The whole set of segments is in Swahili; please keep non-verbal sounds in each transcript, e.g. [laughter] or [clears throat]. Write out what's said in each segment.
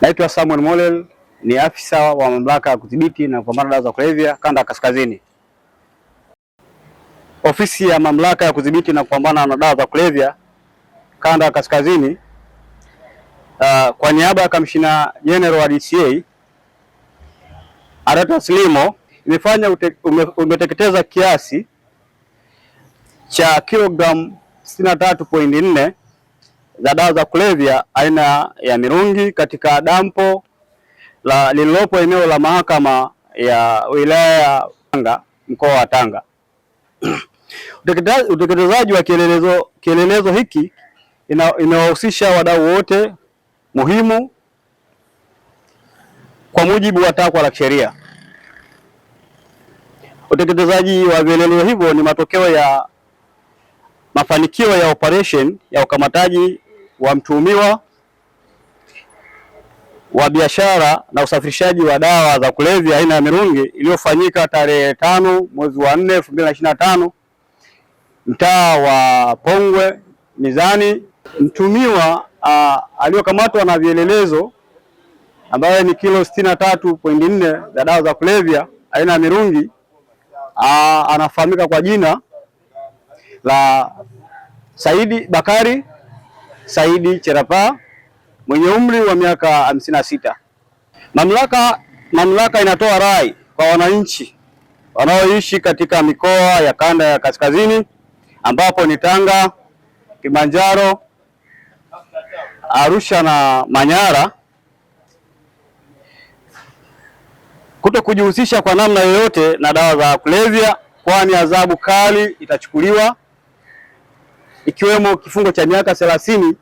Naitwa Samuel Molel, ni afisa wa mamlaka ya kudhibiti na kupambana dawa za kulevya kanda ya kaskazini. Ofisi ya mamlaka ya kudhibiti na kupambana na dawa za kulevya kanda ya kaskazini, uh, kwa niaba ya kamishina general wa DCA Aratus Slimo imefanya umeteketeza kiasi cha kilogramu 63.4 za dawa za kulevya aina ya mirungi katika dampo la lililopo eneo la mahakama ya wilaya ya Tanga mkoa wa Tanga. [clears throat] Utekelezaji wa kielelezo, kielelezo hiki inawahusisha wadau wote muhimu kwa mujibu wa takwa la kisheria. Utekelezaji wa vielelezo hivyo ni matokeo ya mafanikio ya operation ya ukamataji wa mtuhumiwa wa biashara na usafirishaji wa dawa za kulevya aina ya mirungi iliyofanyika tarehe tano mwezi wa nne elfu mbili na ishirini na tano mtaa wa Pongwe Mizani. Mtumiwa aliyokamatwa na vielelezo ambaye ni kilo sitini na tatu pointi nne za dawa za kulevya aina ya mirungi anafahamika kwa jina la Saidi Bakari Saidi Cherapa mwenye umri wa miaka hamsini na sita. Mamlaka, mamlaka inatoa rai kwa wananchi wanaoishi katika mikoa ya kanda ya kaskazini ambapo ni Tanga, Kilimanjaro, Arusha na Manyara kuto kujihusisha kwa namna yoyote na dawa za kulevya, kwani adhabu kali itachukuliwa ikiwemo kifungo cha miaka thelathini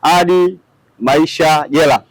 hadi maisha jela.